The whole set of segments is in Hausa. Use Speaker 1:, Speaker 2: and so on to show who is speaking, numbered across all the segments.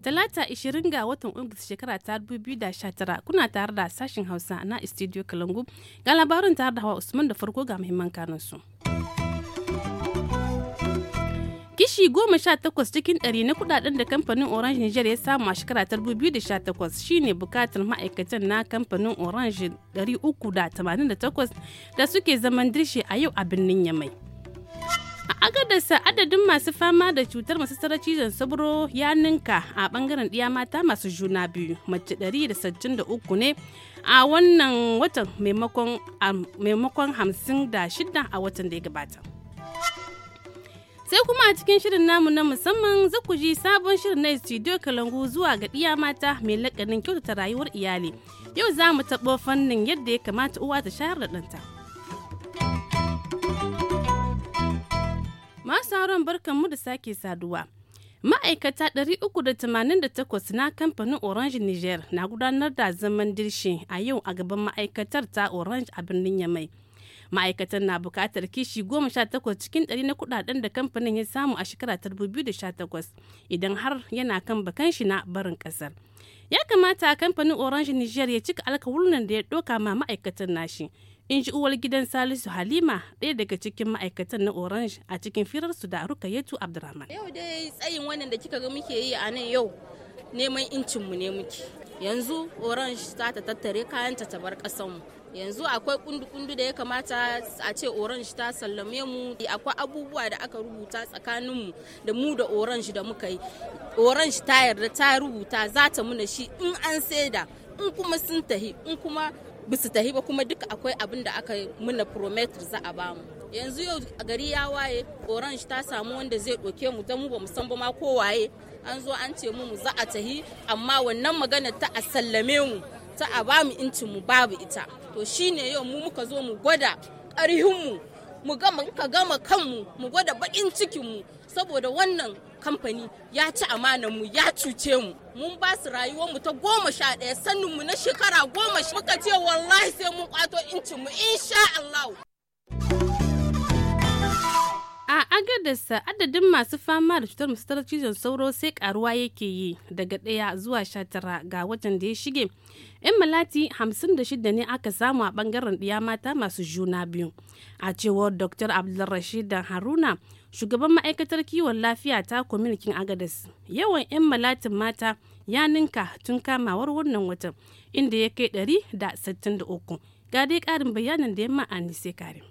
Speaker 1: Talata 20 ga watan Agusta shekara ta 2019 kuna tare da sashen Hausa na studio Kalangu. Ga labarin tare da Hawa Usman da farko ga muhimman kanunsu. su. kashi goma sha takwas cikin ɗari na kudaden da kamfanin orange niger ya samu a shekara ta takwas shine bukatar ma'aikatan na kamfanin orange 388 da suke zaman dirshe a yau a birnin yamai a agadarsa adadin masu fama da cutar masassar cizon sabro ya ninka a bangaren ɗiya mata masu juna biyu mace 163 ne a wannan watan maimakon shida a watan da ya gabata. sai kuma a cikin shirin namu na musamman za ku ji sabon shirin na studio kalangu zuwa ga ɗiya mata mai lakanin kyautata rayuwar iyali yau za mu taɓo fannin yadda ya kamata uwa ta shayar da ɗanta masu sauran barkan mu da sake saduwa ma'aikata 388 na kamfanin orange niger na gudanar da zaman dirshe a yau a gaban ma'aikatar ta orange a birnin yamai ma'aikatan na bukatar kishi goma sha takwas cikin ɗari na kuɗaɗen da kamfanin ya samu a shekara ta takwas idan har yana kan bakan shi na barin ƙasar ya kamata kamfanin orange niger ya cika alkawarin da ya ɗauka ma ma'aikatan nashi in ji uwar gidan salisu halima ɗaya daga cikin ma'aikatan na orange a cikin firarsu da rukayetu abdurrahman yau
Speaker 2: dai tsayin wannan da kika ga muke yi a nan yau neman incinmu ne muke yanzu orange za ta tattare kayanta ta bar ƙasanmu yanzu akwai kundu-kundu da ya kamata a ce orange ta sallame mu akwai abubuwa da aka rubuta tsakaninmu da mu da orange da muka yi orange ta yarda ta rubuta za ta muna shi in an saida in kuma sun tahi in kuma bisu tahi ba kuma duka akwai abin da aka muna prometer za a bamu yanzu yau gari ya waye orange ta samu wanda zai ɗauke mu don mu ba san ba ma ko waye an zo an ce mu za a tahi amma wannan magana ta a sallame mu ta a bamu incin mu babu ita to shine yau mu muka zo mu gwada ƙarhinmu mu gama ka gama kanmu mu gwada baƙin cikinmu saboda wannan kamfani ya ci mu ya cuce mu mun ba su mu ta goma sha ɗaya sanninmu na shekara goma muka ce wallahi sai mun kwato incinmu insha Allah
Speaker 1: A agadarsa adadin masu fama da cutar mustar cizon sauro sai karuwa yake yi daga ɗaya zuwa sha tara ga watan da ya shige. 'Yan malati hamsin da shida ne aka samu a bangaren ɗiya mata masu juna biyu. A cewar Dr. Abdulrashid Haruna, shugaban ma'aikatar kiwon lafiya ta kwamitin agadas. Yawan 'yan malatin mata ya ninka tun kamawar wannan watan inda ya kai 163. Ga dai ƙarin bayanin da yamma sai Karim.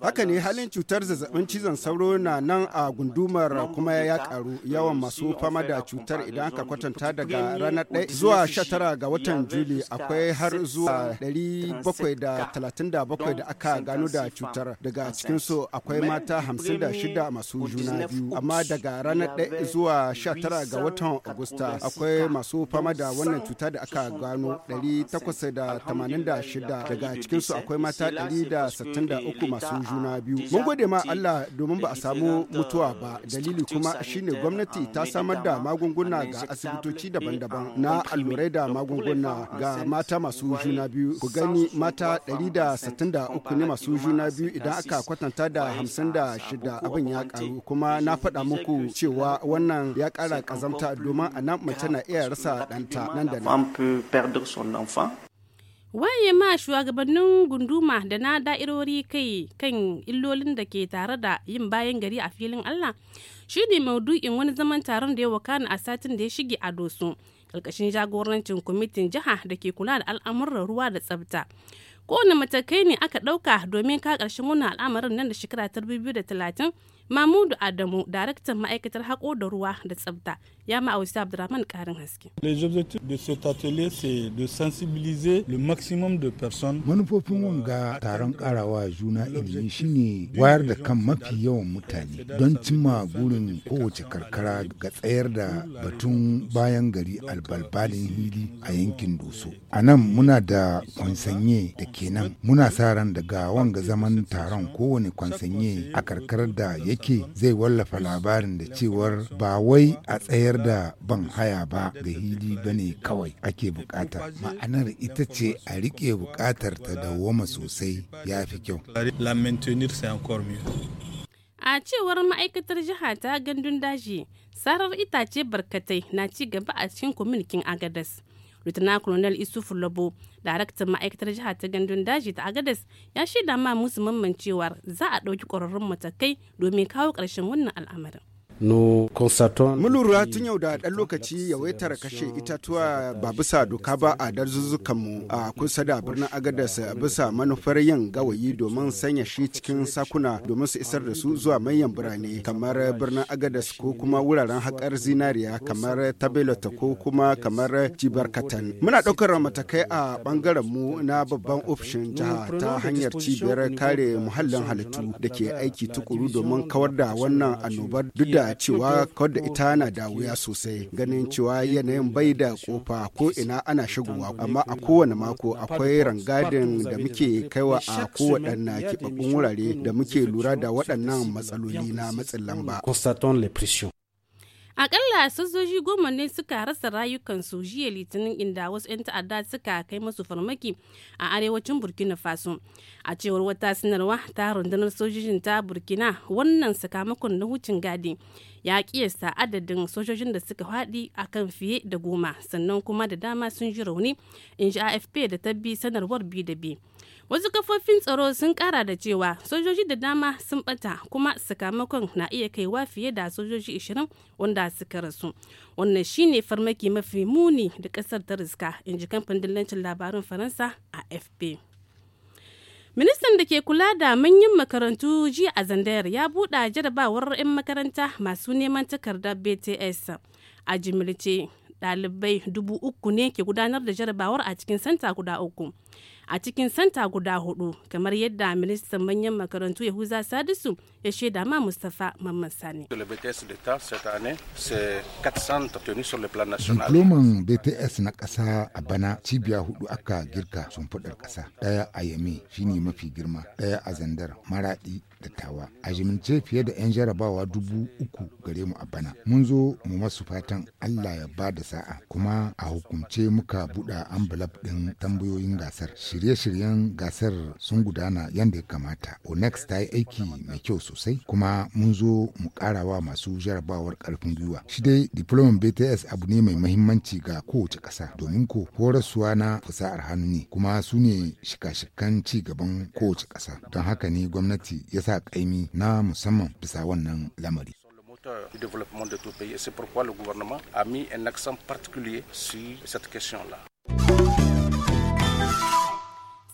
Speaker 3: Haka ne halin cutar zazzabin cizon sauro na nan a gundumar kuma ya karu yawan masu fama da cutar idan aka kwatanta daga ranar 1 zuwa 19 ga watan Juli akwai har zuwa 737 da aka gano da cutar daga cikinsu akwai mata 56 masu juna biyu amma daga ranar 1 zuwa 19 ga watan Agusta akwai masu fama da wannan cuta da aka gano 800 86 daga cikinsu akwai mata 163 masu juna biyu. Mun gode ma Allah domin ba a samu mutuwa ba dalili kuma shine gwamnati ta samar da magunguna ga asibitoci daban-daban na allurai da magunguna ga mata masu juna biyu. Ku gani mata 163 ne masu juna biyu idan aka kwatanta da 56 abin ya karu kuma na faɗa muku cewa wannan ya ƙara ƙazamta domin a nan mace na iya rasa ɗanta nan da nan.
Speaker 1: waye ma shugabannin gunduma da na da'irori kai kan illolin da ke tare da yin bayan gari a filin allah Shi ne maudu'in wani zaman taron da ya wakana a satin da ya shige a doso karkashin jagorancin kwamitin jiha da ke kula da al'amuran ruwa da tsabta kowane matakai ne aka ɗauka domin ka ƙarshen wannan al'amarin nan da shekara ta 2030 Mamudu Adamu, daraktan ma'aikatar haƙo da ruwa da tsafta, ya ma'ausi Abdurrahman ƙarin haske.
Speaker 2: Les objectifs de cet atelier
Speaker 3: c'est de sensibiliser le maximum de personnes.
Speaker 4: Manufofin wanga taron ƙarawa juna ilimi shine wayar da kan mafi yawan mutane don cimma gurin kowace karkara ga tsayar da batun bayan gari albalbalin hili a yankin Doso. A nan muna da kwansanye da kenan muna sa ran daga wanga zaman taron kowane kwansanye a karkarar da yake zai wallafa labarin da cewar ba wai a tsayar da ban haya ba ga hili ba ne kawai ake bukata ma'anar ita ce a rike bukatar ta dawoma sosai ya fi kyau
Speaker 1: a cewar ma'aikatar jiha ta gandun daji sarar itace barkatai na ci gaba a cikin kwamitin agadas Lieutenant Colonel Isufu lobo daraktan ma'aikatar jiha ta gandun daji ta Agadas ya shaida ma musu mamman cewa za a ɗauki ƙwararrun matakai domin kawo ƙarshen wannan al'amarin.
Speaker 3: No Mun lura tun yau da ɗan lokaci yawaitar kashe itatuwa ba bisa doka ba a mu a kusa da birnin Agadas bisa manufar yin gawayi domin sanya shi cikin sakuna domin su isar da su zuwa manyan birane kamar birnin Agadas ko kuma wuraren haƙar zinariya kamar Tabelota ko kuma kamar Jibarkatan. Muna ɗaukar matakai a ɓangaren mu na babban ofishin jiha ta hanyar cibiyar kare muhallin halittu da ke aiki tukuru domin kawar da wannan annobar duk da cewa kawar da ita na da wuya sosai ganin cewa yanayin bai da kofa ko ina ana shigowa amma a kowane mako akwai rangadin da muke kaiwa a kowaɗanna keɓaɓɓun wurare da muke lura da waɗannan matsaloli na matsin lamba.
Speaker 1: akalla sojoji goma ne suka rasa rayukansu jiya litinin inda wasu 'yan ta'adda suka kai masu farmaki a arewacin burkina faso a cewar wata sanarwa ta rundunar sojojin ta burkina wannan sakamakon na wucin gadi ya kiyasta adadin sojojin da suka haɗi a kan fiye da goma sannan kuma da dama sun ji rauni in ji afp da tabbi sanarwar bi da bi wasu kafofin tsaro sun kara da cewa sojoji da dama sun bata kuma sakamakon na iya kaiwa fiye da sojoji 20 wanda suka rasu wannan shine farmaki mafi muni da kasar ta riska in ji kamfanin dillancin labarun faransa a fp. Ministan da ke kula da manyan makarantu jiya a Zandayar ya buɗe jarabawar 'yan makaranta masu neman takardar BTS a jimilce dalibai dubu uku ne ke gudanar da jarabawar a cikin santa guda uku a cikin santa guda hudu kamar yadda ministan manyan makarantu yahuza sadisu ya shaida ma mustapha mamman sani
Speaker 3: diploman
Speaker 4: bts na kasa a bana cibiya hudu aka girka sun fadar kasa. ɗaya a yami shine mafi girma ɗaya a zandar maraɗi dattawa a jimince fiye da 'yan jarabawa dubu uku gare mu a bana mun zo mu masu fatan allah ya ba da sa'a kuma a hukumce muka buɗa an ɗin tambayoyin gasar shirye-shiryen gasar sun gudana yadda ya kamata onex ta yi aiki mai kyau sosai kuma mun zo mu wa masu jarabawar karfin gwiwa shi dai diploman bts abu ne mai mahimmanci ga kowace ƙasa domin ko horaswa na fasahar hannu ne kuma su ne shika-shikan ci gaban kowace ƙasa don haka ne gwamnati ya sa sa kaimi na musamman bisa wannan lamari.
Speaker 3: du développement de tout pays. Et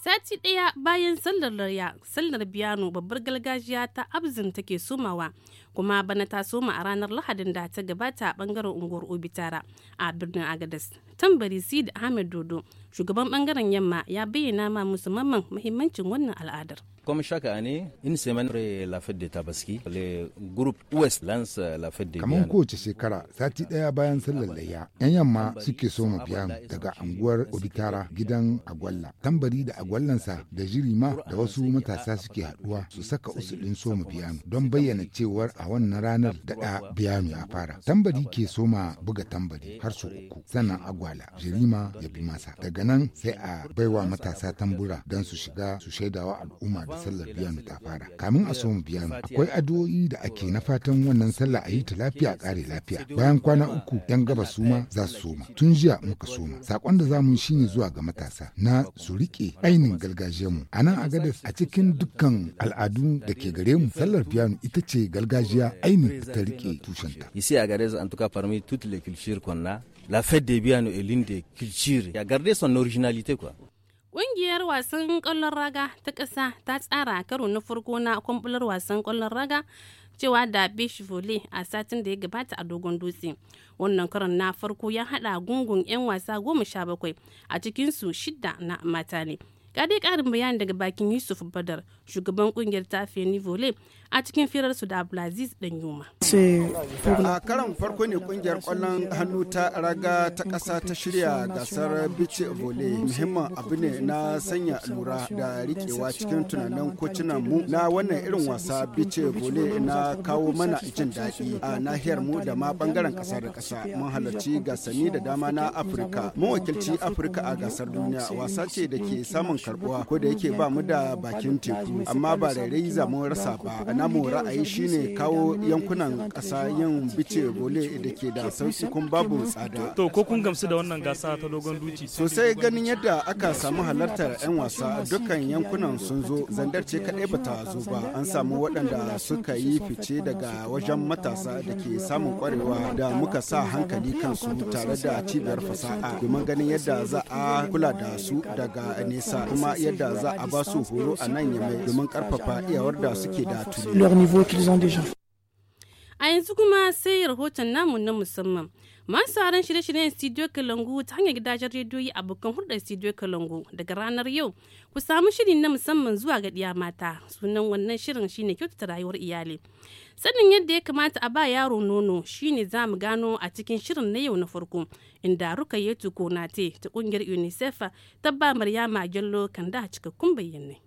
Speaker 1: Sati ɗaya bayan sallar larya, sallar biyano babbar gargajiya ta abzin take somawa kuma bana ta soma a ranar lahadin da ta gabata a bangaren unguwar obitara a birnin agadas tambari sid ahmed dodo shugaban bangaren yamma ya bayyana ma musamman mahimmancin wannan al'adar
Speaker 3: Comme chaque année, une semaine après la fête de Tabaski, le groupe Ouest lance la fête de Kamar
Speaker 4: kowace shekara, sati ɗaya bayan sallar layya, 'yan yamma suke so mu biyan daga anguwar Obitara gidan Agwalla. Tambari da agwallansa da jirima da wasu matasa suke haduwa. su saka usulin so mu don bayyana cewar a wannan ranar da daɗa biyanu ya fara. Tambari ke soma buga tambari har su uku, sannan agwala, jirima ya bi masa. Daga nan sai a baiwa matasa tambura don su shiga su shaidawa al'umma da sallar biyanu ta fara kamin a son biyanu akwai addu'o'i da ake na fatan wannan sallar a yi ta lafiya kare lafiya bayan kwana uku yan gaba suma za su soma tun jiya muka soma sakon da zamu shine zuwa ga matasa na su rike ainin gargajiyar mu a nan a gadas a cikin dukkan al'adu da ke gare mu sallar biyanu ita ce gargajiya ainin ta rike tushenta
Speaker 3: ici a gadas en tuka cas tutule toutes les cultures la fête des biyanu est l'une des cultures son originalité quoi
Speaker 1: Ƙungiyar wasan ƙwallon raga ta ƙasa ta tsara karo na farko na kwamfular wasan ƙwallon raga cewa da shi fole a satin da ya gabata a Dogon Dutse. Wannan karon na farko ya haɗa gungun 'yan wasa goma sha bakwai a cikinsu shidda na mata ne. ga dai karin bayani daga bakin yusuf badar shugaban kungiyar tafiya nivole a cikin firar su da abdulaziz dan yuma
Speaker 2: a
Speaker 3: karan farko ne kungiyar kwallon hannu ta raga ta kasa ta shirya gasar bice vole muhimmin abu ne na sanya lura da rikewa cikin tunanin kocinan mu na wannan irin wasa bice vole na kawo mana jin daɗi a nahiyar mu da ma bangaren kasa da kasa mun halarci gasanni da dama na afirka mun wakilci afirka a gasar duniya wasa ce da ke samun karbuwa ko da yake ba mu da bakin teku amma ba rairayi za mu rasa ba namu ra'ayi shine kawo yankunan ƙasa yin bice bole da ke da sauki kun babu tsada
Speaker 2: to ko kun gamsu da wannan gasa ta dogon duci sosai ganin
Speaker 3: yadda aka samu halartar 'yan wasa dukkan yankunan sun zo zandar ce kadai ba ta zo ba an samu waɗanda suka yi fice daga wajen matasa da ke samun kwarewa da muka sa hankali kansu tare da cibiyar fasaha domin ganin yadda za a kula da su daga nesa kuma yadda za a ba su horo a nan yamai domin karfafa iyawar da suke da tuni.
Speaker 1: A yanzu kuma sai rahoton namu na musamman. Masu sauran shirye-shiryen Studio Kalangu ta hanyar gidajen rediyoyi abokan hulɗar Studio Kalangu daga ranar yau ku samu shirin na musamman zuwa ga ɗiya mata sunan wannan shirin shine kyautata rayuwar iyali. Sanin yadda ya kamata a ba yaro nono shine za mu gano a cikin shirin na yau na farko inda Rukayetu Konate ta kungiyar UNICEF ta ba Maryama Gello kan da cikakkun bayyane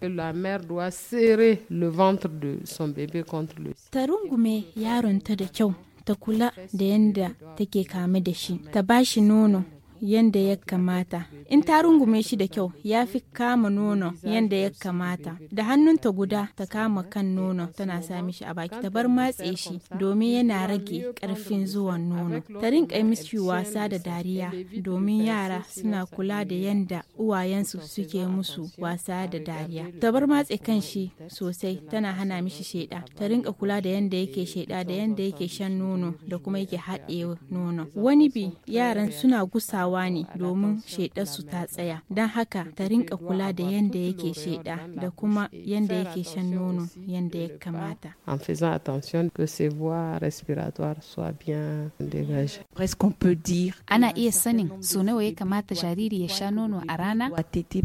Speaker 2: la mère doit serrer le ventre de son bébé contre le
Speaker 5: Ta rungume yaronta da kyau ta kula da yadda take kame da shi ta shi nono Yanda ya kamata. In ta rungume shi da kyau ya fi kama nono yanda ya kamata. Da hannunta guda ta kama kan nono tana sa mishi a baki ta bar matse shi domin yana rage karfin zuwan nono. Ta rinka mishi wasa da dariya domin yara suna kula da yanda uwayensu suke musu wasa da dariya. Ta bar matse kan shi sosai tana hana mishi sheda. Ta rinka kula da yanda yake sheda da yanda yake shan nono da kuma yake haɗe nono. Wani bi yaran suna gusawa kulawa ne domin su ta tsaya don haka ta rinka kula da yadda yake sheda da kuma yadda yake shan nono yadda ya kamata
Speaker 2: en faisant attention que ses voies respiratoires soient bien dégagées presque qu'on peut dire
Speaker 5: ana iya sanin so nawa ya kamata jariri ya sha nono a rana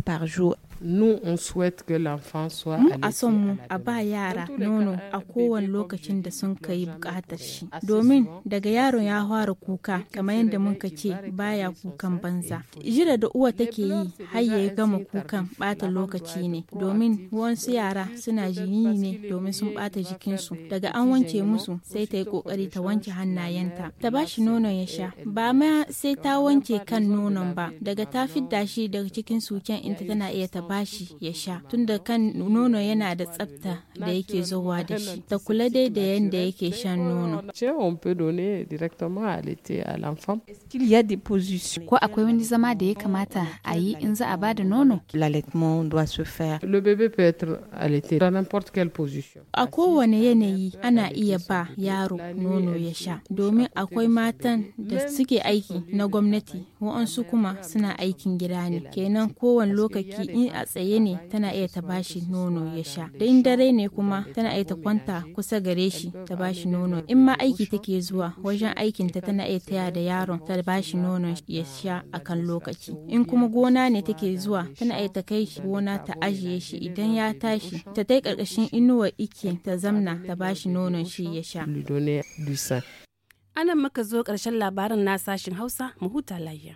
Speaker 2: par jour Nous, on souhaite que l'enfant soit Mu a son
Speaker 5: mu a ba yara nono a kowane lokacin da sun kai bukatar shi. Domin daga yaron ya fara kuka kamar yadda muka ce baya kukan banza. Jira da uwa take yi har ya gama kukan bata lokaci ne domin wasu yara suna jini ne domin sun bata jikinsu daga an wanke musu sai ta yi kokari ta wanke hannayenta ta ba shi nono ya sha ba ma sai ta wanke kan nonon ba daga ta fidda shi daga cikin suken inta tana iya bashi ya sha tunda kan nono yana da tsafta da yake zowa da shi ta
Speaker 2: kula dai da yadda yake shan nono ko
Speaker 5: akwai wani zama da ya kamata a yi in za a bada nono a kowane yanayi ana iya ba yaro nono ya sha domin akwai matan da suke aiki na gwamnati wa'ansu kuma suna aikin gida ne kenan kowane lokaci in a tsaye ne tana iya ta bashi nono ya sha da in dare ne kuma tana iya ta kwanta kusa gare shi ta bashi nono in ma aiki take zuwa wajen aikin ta tana iya taya da yaron ta bashi nono ya sha akan lokaci in kuma gona ne take zuwa tana iya ta kai shi gona ta ajiye shi idan ya tashi ta tai karkashin inuwar ike ta zamna ta bashi nono shi ya sha
Speaker 1: anan maka zo ƙarshen labarin na sashin hausa mu huta lafiya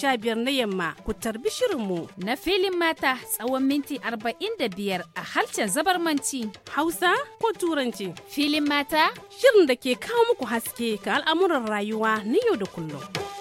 Speaker 1: 15 na yamma ku tarbi shirinmu. Na filin mata tsawon minti arba'in da biyar a halcin manci. Hausa ko Turanci? Filin mata? Shirin da ke kawo muku haske ga al'amuran rayuwa na yau da kullum.